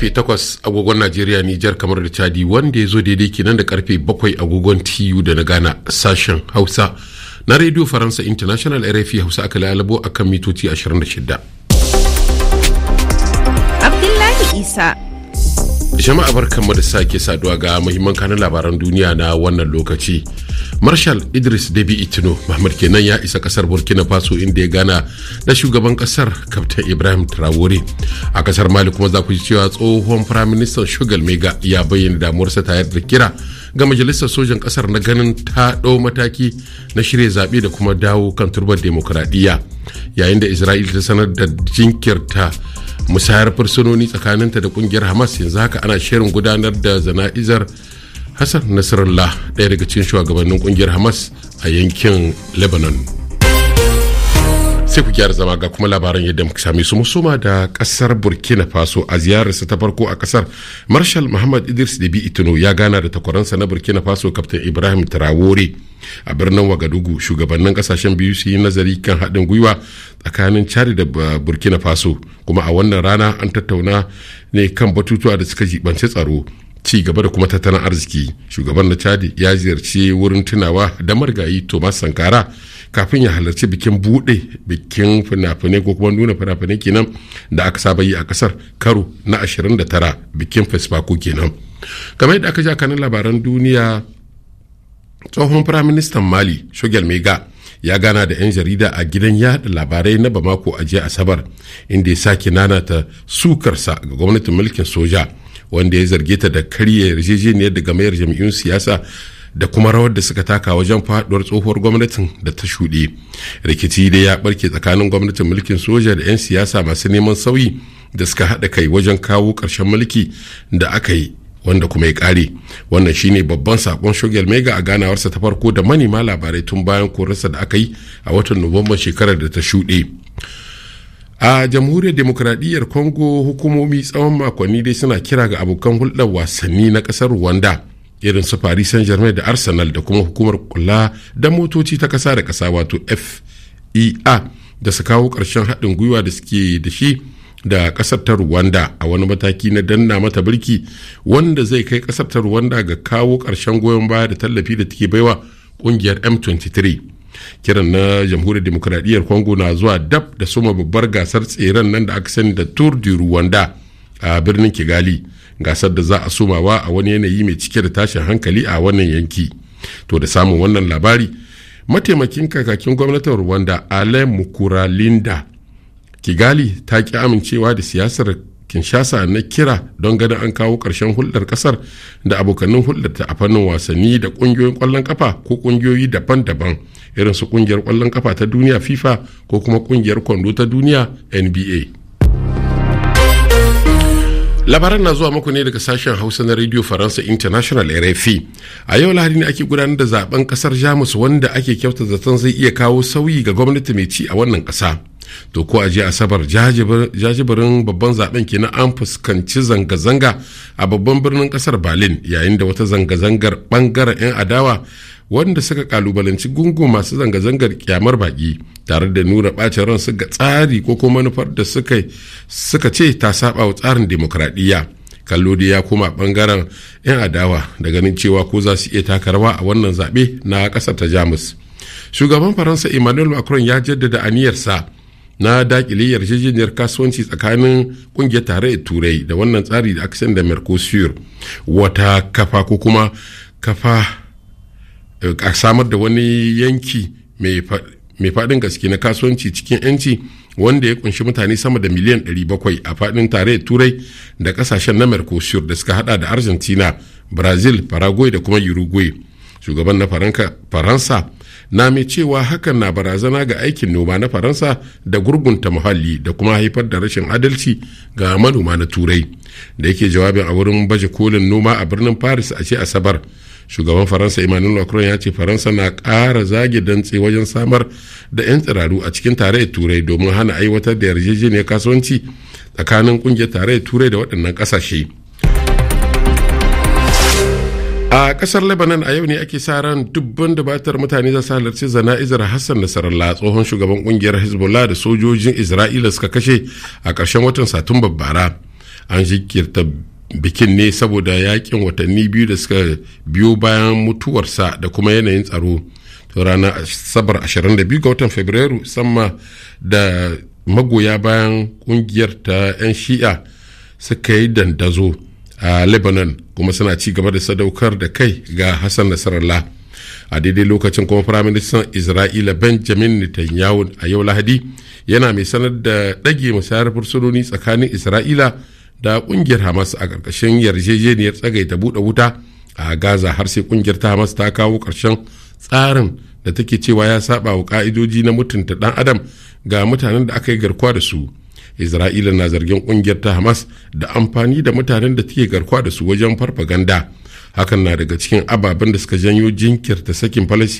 karfe 8 agogon Najeriya Nijar kamar da Chadi wanda ya zo daidai kenan da karfe 7 agogon TU da na Ghana sashen Hausa na Radio Faransa International RFI Hausa aka lalabo akan mitoci 26. Abdullahi Isa jama'a barkanmu da sake saduwa ga muhimman kanun labaran duniya na wannan lokaci marshal idris debi itino mahmud kenan ya isa kasar burkina faso inda ya gana da shugaban kasar kaftan ibrahim traore a kasar mali kuma za ku ji cewa tsohon firaministan shugal mega ya bayyana damuwarsa tare da kira ga majalisar sojan kasar na ganin ta ɗau mataki na shirya zaɓe da kuma dawo kan turbar demokradiyya yayin da isra'il ta sanar da jinkirta musayar fursunoni tsakaninta da kungiyar hamas yanzu haka ana shirin gudanar da zana'izar hassan Nasrallah ɗaya daga cikin shugabannin kungiyar hamas a yankin lebanon sai ku gyara zama ga kuma labaran yadda muka same su musoma da kasar burkina faso a ziyararsa ta farko a kasar marshal muhammad idris da itino ya gana da takwaransa na burkina faso kaftin ibrahim traore a birnin wagadugu shugabannin kasashen biyu su yi nazari kan haɗin gwiwa tsakanin chari da burkina faso kuma a wannan rana an tattauna ne kan batutuwa da suka jibanci tsaro ci gaba da kuma tattalin arziki shugaban na chadi ya ziyarci wurin tunawa da margayi thomas sankara kafin ya halarci bikin buɗe bikin fina-finai ko kuma nuna fina-finai kenan da aka saba yi a kasar karo na 29 bikin fesfako kenan kamar yadda aka ja kanin labaran duniya tsohon firaministan mali shugel mega ya gana da 'yan jarida a gidan yada labarai na bamako a jiya asabar inda ya sake nanata sukarsa ga gwamnatin mulkin soja wanda ya zarge ta da karya yarjejeniyar daga mayar jam'iyyun siyasa da kuma rawar da suka taka wajen faɗuwar tsohuwar gwamnatin da ta shuɗe rikici dai ya barke tsakanin gwamnatin mulkin soja da 'yan siyasa masu neman sauyi da suka haɗa kai wajen kawo ƙarshen mulki da aka yi wanda kuma ya ƙare wannan shine babban sakon shugel mega a ganawarsa ta farko da manema labarai tun bayan korarsa da aka yi a watan nuwamban shekarar da ta shuɗe a jamhuriyar demokradiyyar congo hukumomi tsawon makonni dai suna kira ga abokan hulɗar wasanni na ƙasar rwanda irin su paris saint germain da arsenal da kuma hukumar kula da motoci ta kasa da kasa wato fea da su kawo karshen haɗin gwiwa da suke da shi da ƙasar ta rwanda a wani mataki na danna mata birki wanda zai kai ƙasar ta rwanda ga kawo ƙarshen goyon baya da tallafi da take baiwa ƙungiyar m23 kiran na jamhuriyar demokuraɗiyyar congo na zuwa dab da suma babbar gasar tseren nan da aka sani da tour du rwanda a birnin kigali gasar da za a somawa a wani yanayi mai cike da tashin hankali a wannan yanki to da samun wannan labari mataimakin kakakin gwamnatin rwanda alain linda kigali ta ki amincewa da siyasar kinshasa na kira don ganin an kawo ƙarshen hulɗar ƙasar da abokanin hulɗar ta a fannin wasanni da ƙungiyoyin ƙwallon ƙafa ko ƙungiyoyi daban-daban irin su ƙungiyar ƙwallon ƙafa ta duniya fifa ko kuma ƙungiyar kwando ta duniya nba labaran na zuwa muku ne daga sashen hausa na radio faransa international rfi a yau lahadi ne ake gudanar da zaben kasar jamus wanda ake kyauta zaton zai iya kawo sauyi ga gwamnati mai ci a wannan kasa to ko a je asabar jajibirin babban zaben kenan an fuskanci zanga-zanga a babban birnin kasar berlin yayin da wata zanga-zangar bangaren 'yan adawa wanda suka kalubalanci gungun masu zanga-zangar kyamar baki tare da nura bacin ransu ga tsari ko kuma manufar da suka ce ta saba wa tsarin demokradiyya kallo da ya koma bangaren 'yan adawa da ganin cewa ko za su iya taka rawa a wannan zaɓe na ƙasar ta jamus shugaban faransa emmanuel macron ya jaddada aniyarsa na dakile yarjejeniyar kasuwanci tsakanin kungiyar tarayyar turai da wannan tsari da aka da mercosur wata kafa ko kuma kafa a samar da wani yanki mai faɗin gaske na kasuwanci cikin 'yanci wanda ya kunshi mutane sama da miliyan 700 a faɗin tarayyar turai da ƙasashen na mercosur da suka hada da argentina brazil paraguay da kuma uruguay shugaban na faransa na mai cewa hakan na barazana ga aikin noma na faransa da gurgunta muhalli da kuma haifar da rashin adalci ga manoma na turai da yake jawabin a wurin baje kolin noma a birnin paris a ce asabar shugaban faransa emmanuel macron ya ce faransa na ƙara zage dantse wajen samar da 'yan tsiraru a cikin tarayyar turai domin hana aiwatar da yarjejeniyar kasuwanci tsakanin ƙungiyar tarayyar turai da waɗannan ƙasashe a ƙasar lebanon a yau ne ake sa ran dubban dabatar mutane za su halarci zana'izar hassan nasarallah tsohon shugaban kungiyar hezbollah da sojojin isra'ila suka kashe a ƙarshen watan satumba bara an jikirta bikin ne saboda yakin watanni biyu da suka biyo bayan mutuwarsa da kuma yanayin tsaro ranar sabar 22 ga watan fabrairu sama da magoya bayan kungiyar ta 'yan shi'a suka yi dandazo a lebanon kuma suna ci gaba da sadaukar da kai ga hassan nasarallah a daidai lokacin kuma firaministan isra'ila benjamin netanyahu a yau lahadi yana mai sanar da ɗage musayar fursunoni tsakanin isra'ila da kungiyar hamas a ƙarƙashin yarjejeniyar tsagaita buɗe wuta a gaza har sai kungiyar ta hamas ta kawo ƙarshen tsarin da take cewa ya saba wa ƙa'idoji na mutunta ɗan adam ga mutanen da aka yi garkuwa da su isra'ila na zargin kungiyar ta hamas da amfani da mutanen da take garkuwa da su wajen farfaganda hakan na daga cikin ababen da suka janyo jinkirta sakin falasina